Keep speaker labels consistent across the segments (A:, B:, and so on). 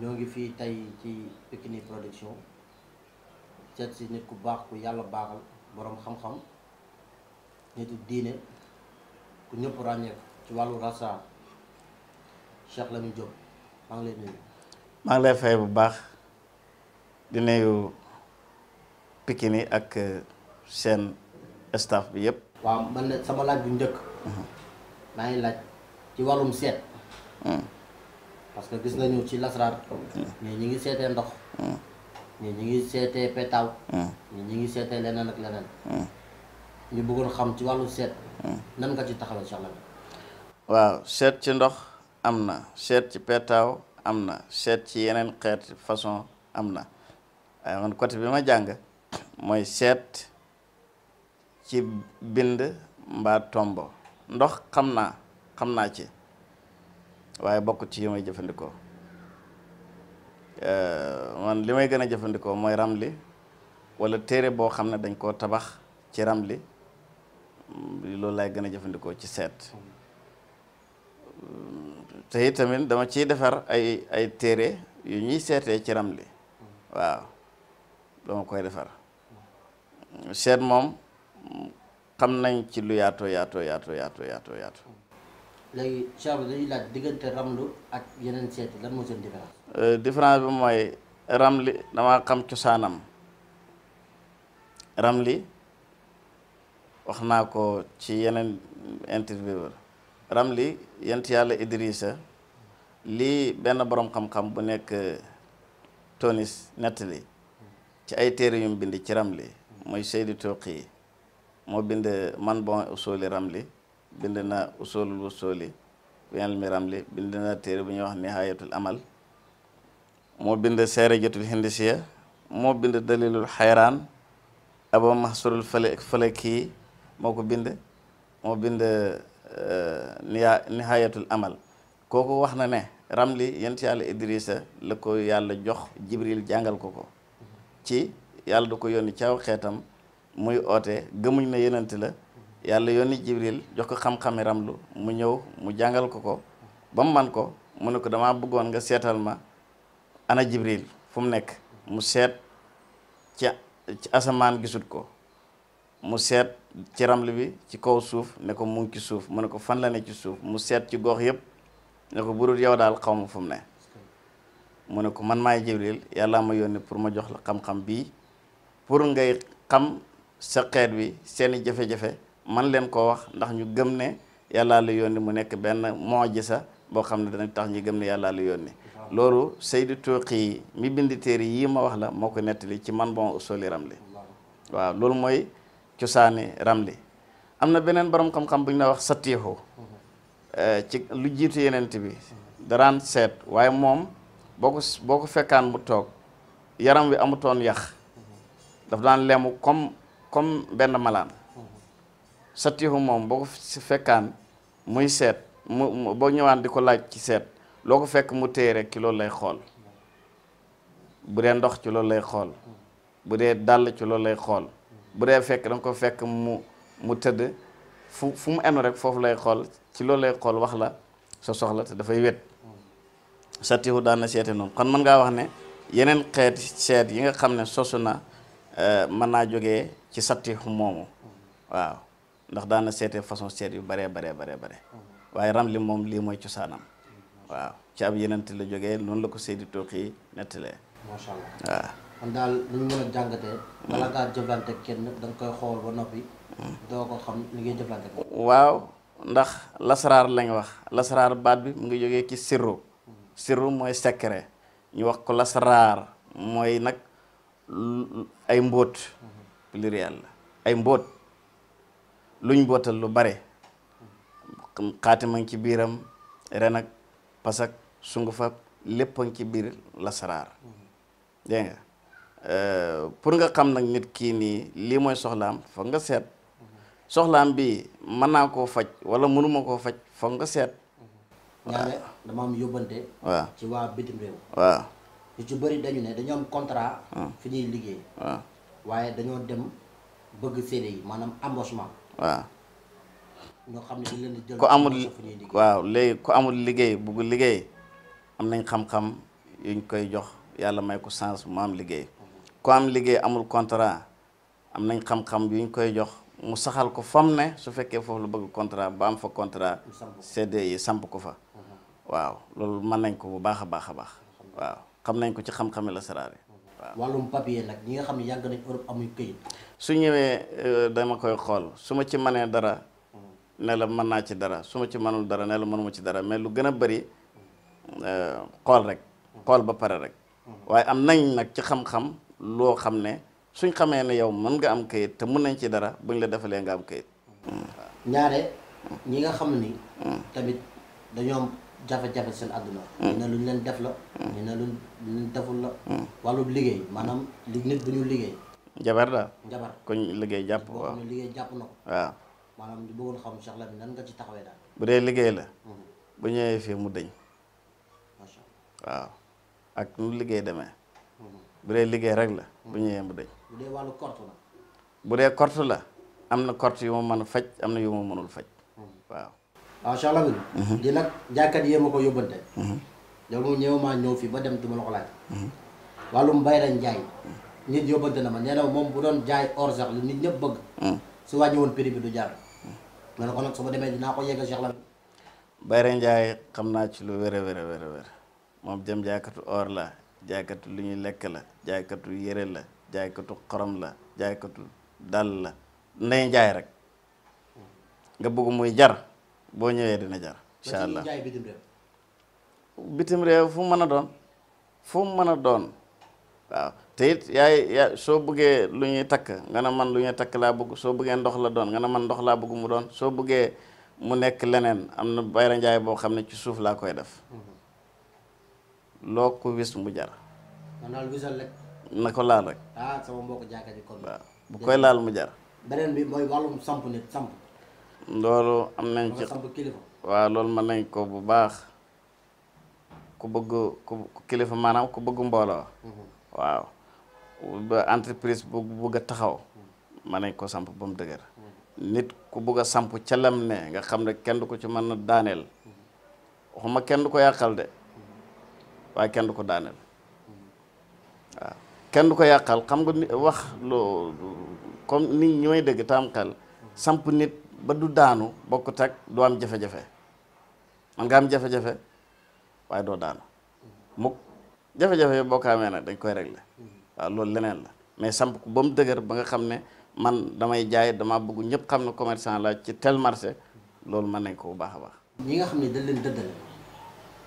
A: ñoo ngi fii tey ci Pikini production seet si nit ku baax ku yàlla baaxal boroom xam-xam nitu diine ku ñëpp ràññeeku ci wàllu rasa Cheikh Lamine Diop maa ngi lay
B: nuyu. bu baax di nuyu ak euh, seen staff bi yëpp.
A: waaw man ne sama laaj bu njëkk. Mhm. maa ngi laaj ci wàllum
B: seet. Mm.
A: parce que gis nañu ci lasraar ñii mm. ñi ngi seetee ndox ñii mm. ñi ngi seete pétaw ñii mm. ñi ngi seete leneen ak leneen ñu bëggoon xam ci wàllu seet nan ka ci taxawee soxna bi
B: waaw seet ci ndox am na seet ci pétaw am na seet ci yeneen xeet façon am na waaye man côté bi ma jàng mooy seet ci bind mbaa tombo ndox xam naa xam naa ci waaye bokk ci yi may jëfandikoo euh, man li may gën a jëfandikoo mooy ramli wala téere boo xam ne dañ koo tabax ci ramli mm, loolu laay gën a jëfandikoo ci seet mm, te tamit dama ciy defar ay ay téere yu ñuy seetee ci ramli waaw dama koy defar seet moom mm, xam nañ ci lu yaatoo yaato yaatoo yaatoo yaatoo
A: léegi Cheikh bi dañuy laaj diggante ramlu ak yeneen seet yi moo seen différence.
B: Euh, différence bi mooy ramli damaa xam cosaanam ramli wax naa ko ci yeneen interviewer ramli yent yàlla Idrissa lii benn boroom xam-xam bu nekk tonis nettali ci ay téere yum bind ci ramli mooy Seydi Tuuqi moo bind man bon usuli ramli bind naa usulul usuli biyanal miram li bind naa téere bu ñuy wax nihayatul amal moo bind seerajatul hindisiya moo bind dalilul xayraan aba mahsurul fale falaki moo ko bind moo bind eh, nihayatul amal kooku wax na ne ramli yent yàlla idrissa la ko yàlla jox jibril jàngal ko ko ci yàlla du ko yónni caaw xeetam muy oote gëmuñ na yenente la yàlla yoni jibril jox ko xam-xami ramlu mu ñëw mu jàngal ko ko ba man ko mu ne ko damaa bëggoon nga seetal ma ana jibril fu mu nekk mu seet ci gisut ko mu seet ci ramlu bi ci kaw suuf ne ko mu ngi suuf mu ne ko fan la ne ci suuf mu seet ci gox buru ne ko burul yow daal xaw ma fu mu ne mu ne ko man maay jibril yàlla ma yoni pour ma jox la xam-xam bii pour ngay xam sa jafe-jafe man leen koo wax ndax ñu gëm ne yàllaa la ni mu nekk benn mojisa boo xam ne dana tax ñu gëm ne yàllaa yoon yónni loolu Seydi Tuuqi mi bind téere yii ma wax la moo ko nettali ci man bon usuli ramli waaw loolu mooy cosaani ramli am na beneen borom xam-xam bu ñu la wax satiixu eh, ci lu jiitu yenent bi daraan seet waaye moom boo ko fekkaan mu toog yaram wi amutoon yax daf daan lemu comme comme benn malaan sattihu moom boo ko fekkaan muy seet mu boo ñëwaan di ko laaj ci seet loo ko fekk mu téye rek ci loolu lay xool bu dee ndox ci loolu lay xool bu dee ci loolu lay xool bu dee fekk da ko fekk mu mu tëdd fu fu mu enu rek foofu lay xool ci loolu lay xool wax la sa soxla te dafay wét sattihu daan na seete noonu kon mën ngaa wax ne yeneen xeet seet yi nga xam ne sosu na eh, mën naa jógee ci sattihu moomu waaw ndax daan na seetee façon seet yu bare baree baree bare waaye li moom lii mooy cosaanam waaw ci ab yenent la jóge noonu la ko Seydi Tooxi nettalee. macha allah waaw.
A: kon daal a mm. kenn da koy xool ba noppi. Mm. doo ko xam li
B: ndax lasaraar lañ wax lasaraar baat bi mu ngi jógee ci sirru. sirru mooy secret ñu wax ko lasaraar mooy nag ay mbóot mm-hmm. pluriel la ay mbóot. lu luñ bootal lu bare xaatima ngi ci biiram ren ak pasak sungufa lépp a ngi ci biir la lasaraar dégg nga euh, pour nga xam nag nit kii nii lii mooy soxlaam foog nga seet soxlaam bi mën naa koo faj wala mënuma koo faj foog nga seet
A: waaw dama am yóbbante waaw ci waa bitim réew waaw ñu ci bëri dañu ne dañu contrat hmm. fi ñuy liggéey waaw waaye dañoo dem bëgg CDI maanaam embauchement waaw. ñoo ku amul
B: waaw léegi ku amul liggéey bugg liggéey am nañ xam-xam yuñ koy jox yàlla may ko chance mu am liggéey ku am liggéey amul contrat am nañ xam-xam yuñ koy jox mu saxal ko fam ne su fekkee foofu lu bëgg contrat bu am fa contrat CD yi samp ko fa waaw loolu mën nañ ko bu baax a baax a baax waaw xam nañ ko ci xam-xami la saraare
A: waaw wàllum xam ne
B: su ñëwee euh, dama koy xool su ma ci manee dara ne la mën naa ci dara su ma ci mënul dara ne la mënuma ci dara mais lu gën a bëri euh, xool rek xool ba pare rek waaye am nañ nag ci xam-xam loo xam ne suñ xamee ne yow mën nga am kayit te mën nañ ci dara buñ la defalee nga am kayit
A: ñaare ñi nga xam ni hmm. tamit dañoo am jafe-jafe seen àdduna hmm. ñu ne luñ leen def la hmm. ñu ne luñ luñ deful la wàllu liggéey maanaam
B: li nit bu ñu liggéey jabar la jabar ko liggey japp wa ko liggey japp nako wa
A: manam di bëggoon xam Cheikh Lamine nan nga ci taxawé daal bu dé liggey la
B: bu ñëwé fi mu ma sha Allah wa ak lu liggey démé bu dé liggey rek la bu ñëwé mu dëñ
A: bu dé walu korte la
B: bu dé korte la amna na yu ma mëna fajj amna yu ma mënul fajj wa ma sha Allah di nag jàkkat
A: yee ma ko yóbbante mu ñëw ma ñëw fi ba dem du ma la ko laaj walu mbay lañ jaay nit na ma nee bu doon jaay or sax lu nit ñëpp bëgg. Hmm. su wàññi woon bi du jar. ma ne ko
B: Bayre Ndiaye xam naa ci lu wér a wér moom jëm jaaykatu or la jaaykatu lu ñuy lekk la jaaykatu yére la jaaykatu xorom la jaaykatu dal la ndey jaay rek nga bëgg muy jar boo ñëwee dina jar. incha allah bitim réew fu mën a doon fu mën a doon. waaw te it yaay soo bëggee lu ñuy takk nga ne man lu ñuy takk laa bëgg soo bëggee ndox la doon nga ne man ndox laa bëgg mu doon soo bëggee mu nekk leneen am na bayra njaay boo xam ne ci suuf laa koy def mm-hmm. loo ko wis jar. na ko laal rek.
A: Ah, bu koy laal mu jar. beneen bi mooy
B: loolu am nañ ci waaw loolu mën nañ ko bu baax ku bëgg ku kilifa maanaam ku bëgg mbooloo. Mm-hmm. waaw ba entreprise bu bëgg a taxaw ma nañ ko samp ba mu dëgër nit ku bëgg a samp ca lam ne nga xam ne kenn du ko ci mën a daaneel waxuma kenn du ko yàqal de waaye kenn du ko daaneel waaw kenn du ko yàqal xam nga wax loo comme nit ñi may dëgg taam xel samp nit ba du daanu bokkut ak du am jafe-jafe man nga am jafe-jafe waaye doo daanu mukk jafe-jafe yi boo ko amee nag dañ koy régler waaw loolu leneen la mais samp ko ba mu dëgër ba nga xam ne man damay jaay damaa bëggu ñëpp xam ne commerçant la ci tel marché loolu man nañ ko bu baax a baax.
A: ñi nga xam ne dañ leen dëddal.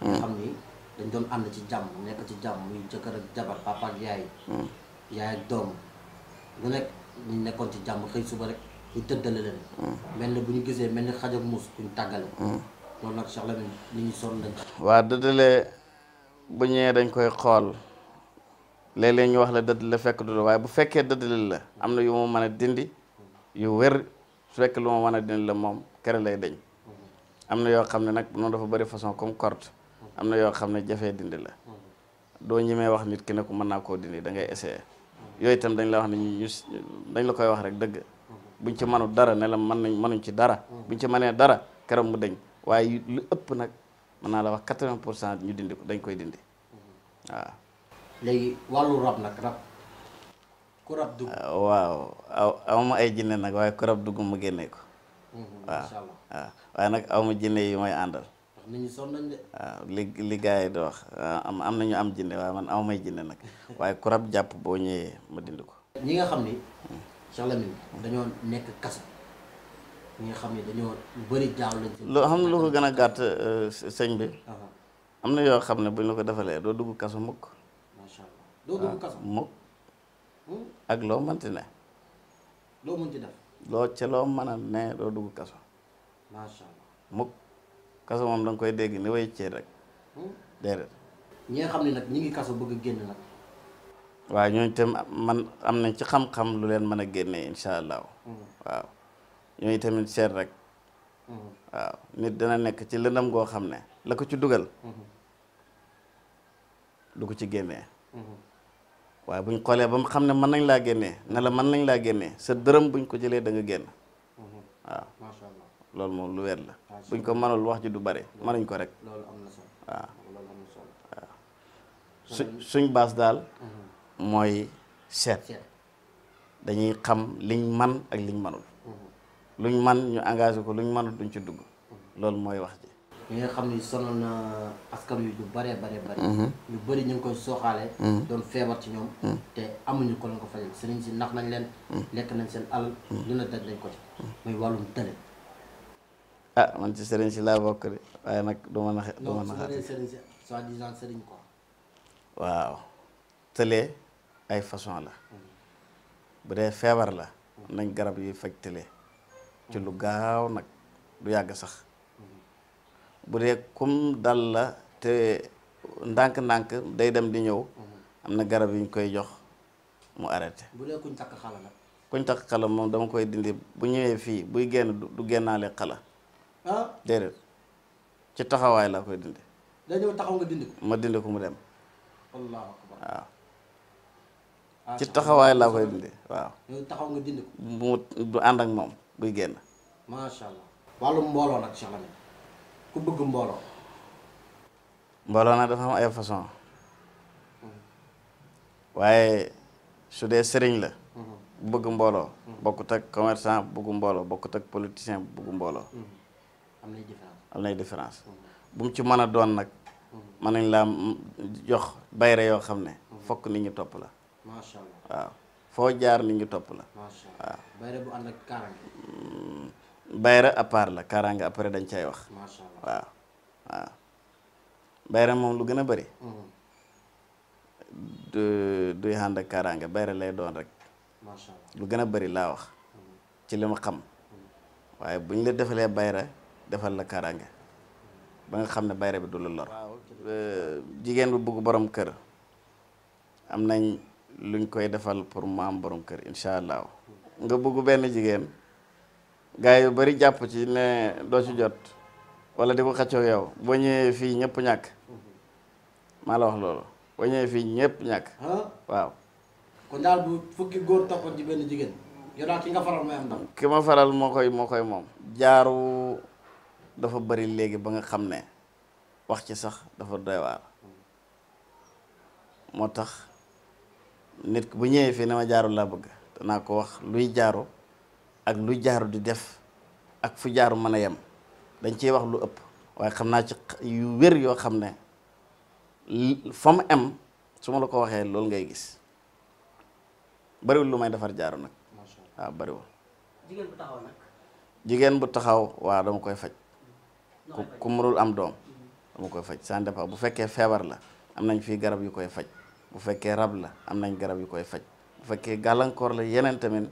A: Hmm. nga xam ni dañ doon ànd ci jàmm nekk ci jàmm muy jëkkër ak jabar papa ak yaay. Hmm. yaay ak doom lu nekk ñu nekkoon ci jàmm xëy suba rek ñu dëddale leen. Hmm. mel ni bu ñu gisee mel ni xaj ak muus kuñ tàggale. loolu nag Cheikh Lamine
B: bu ñëwee dañ koy xool léeg-léeg ñu wax la dëdd la fekk du la waaye bu fekkee dëdd la am na yu mu mën a dindi yu wër su fekk lu mu mën a dindi la moom kere lay dañ am na yoo xam ne nag noonu dafa bëri façon comme corde am na yoo xam ne jafee dindi la doo ñemee wax nit ki ne ko mën naa koo dindi dangay ese yooyu itam dañ la wax ne ñu dañ la koy wax rek dëgg buñ ci mënu dara ne la mën nañ mënuñ ci dara buñ ci mënee dara keroog mu deñ waaye lu ëpp nag mën naa la wax quatre pour cent ñu dindi ko dañ koy dindi waaw.
A: léegi wàllu rab nag rab. ku rab dugg
B: ah, waaw aw aw ma ay jinne nag waaye ku rab dugg mu génne ko. Mm-hmm, waaw ah, waaye nag aw ma jinne yu may àndal.
A: nit ñi sonn nañ de.
B: waaw ah, li di wax am am nañu am jinne waaye man aw may jinne nag waaye ku rab jàpp boo ñëwee ma dindi ko. ñi nga xam ni.
A: Hmm. Cheikh Lamine dañoo nekk kaso. ñi nga xam ne loo
B: xam ne lu ko gën a gàtt euh, sëñ bi. Uh-huh. am na yoo xam ne buñ la ko defalee doo dugg kaso mukk. macha allah
A: doo dugg ah, hmm?
B: ak loo mënti ne. loo mënti loo mën a ne doo dugg kaso. macha mukk kaso moom da koy dégg ni way ceeb rek. Hmm? déedéet.
A: ñi nga xam ne nag ñi ngi kaso bëgg a génn nag.
B: waaw ñooñu tam man am nañ ci xam-xam lu leen mën a génnee incha allah. Hmm. waaw. yooyu tamit seet rek waaw nit dana nekk ci lëndam goo xam ne la ko ci dugal du ko ci génnee waaye buñ xoolee ba mu xam ne mën nañ laa génnee ne la mën nañ laa génnee sa dërëm buñ ko jëlee da génn waaw macha loolu moom lu wér la buñ ko mënul wax ji du bare mënuñ ko rek loolu am na
A: waaw
B: su suñ baas daal mooy seet dañuy xam liñ man ak liñ manul luñ man ñu engagé ko luñ mënut duñ ci dugg loolu mooy wax ji ñi nga xam ni sonal na
A: askan wi lu bare bare bare mhm. ñu bëri ñu ngi koy sooxaale mhm. doon feebar ci ñoom mhm. te amuñu ko lañ ko fajal si nax nañ leen lekk nañ seen alal lu na daj lañ ko ci
B: ah, man ci sëriñ si laa bokk waaye nag du ma naxe du ma naxaate
A: sëriñ si soi-disant sëriñ
B: waaw tëlee ay façon la bu dee feebar la nañ garab yuy faj tëlee ci lu gaaw nag du yàgg sax bu dee kum dal la te ndànk-ndànk day dem di ñëw am na garab yu ñu koy jox mu arrêté.
A: bu dee kuñ takk
B: xala la. moom dama koy dindi bu ñëwee fii buy génn du génnaale xala. ah déedéet ci taxawaay laa koy dindi. day ma dindi ko mu dem. allahu waaw.
A: Ah, ci taxawaay laa koy dindi waaw. taxaw nga
B: mu du ànd ak moom. buy génn.
A: macha allah mbooloo nag Cheikh
B: ku bëgg mbooloo. mbooloo nag dafa am ay façon waaye su dee sëriñ la. bëgg mbooloo. Mhm. bokkut ak commerçant bëgg mbooloo bokkut ak politicien bëgg mbooloo. Mhm. am na différence am mhm. bu mu ci mën a doon nag. mën nañ laa jox bayre yoo xam ne. fokk nit ñi topp la. macha allah waaw. foo jaar mi ñu topp la. macha allah
A: bayra bu ànd ak kaaraange.
B: Mm. bayra à part la kaaraange après dañ cay wax. macha waaw waaw. bayra moom lu gën a bëri. Mm-hmm. du duy ànd ak kaaraange bayra lay doon rek. macha lu gën a bëri laa wax. Mm-hmm. ci li ma xam. Mm-hmm. waaye bu ñu la defalee bayra defal la kaaraange ba nga xam ne bayra bi du la lor. waaw euh, jigéen bu bëgg borom kër am nañ. luñ koy defal pour maam borom kër incha allah nga bëgg benn jigéen gars yu bari jàpp ci ne doo ci jot wala di ko xaccoo yow boo ñëwee fii ñëpp ñàkk maa la wax loolu boo ñëwee fii ñëpp ñàkk. waaw.
A: kon daal bu fukki góor taxoon ci benn jigéen yow daal ki nga
B: faral ma moo koy moo koy moom. jaaru dafa bari léegi ba nga xam ne wax ci sax dafa doy moo tax. nit bu ñëwé fi ne jaaru la bëgg ko wax luy jaaru ak lu jaaru di def ak fu jaaru mëna yam dañ ci wax lu ëpp waaye xamna ci yu wër yo xamné fam baru am suma la ko waxé lool ngay gis bari lu may defar jaaru ma sha Allah
A: jigen bu taxaw nak
B: jigen bu taxaw waaw dama koy faj ku am dom mm-hmm. dama koy fajj sa dépend bu fekke febar la am nañ fi garab yu koy faj bu fekkee rab la am nañ garab yu koy faj bu fekkee gàllankoor la yeneen tamit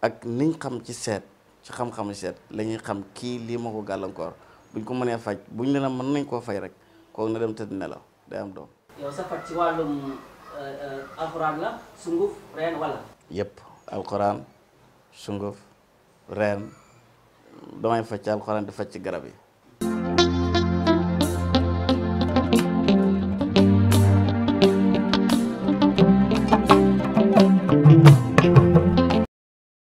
B: ak niñ xam ci seet ci xam-xamu seet lañuy xam kii lii ma ko gàllankoor buñ ko mënee faj buñ ne la mën nañ koo faj rek kooku na dem tëdd nelaw day am doom.
A: yow sa faj ci wàllum euh, euh, alxuraan la sunguf reen wala.
B: yëpp alxuraan sunguf reen damay faj ci alxuraan di faj ci garab yi.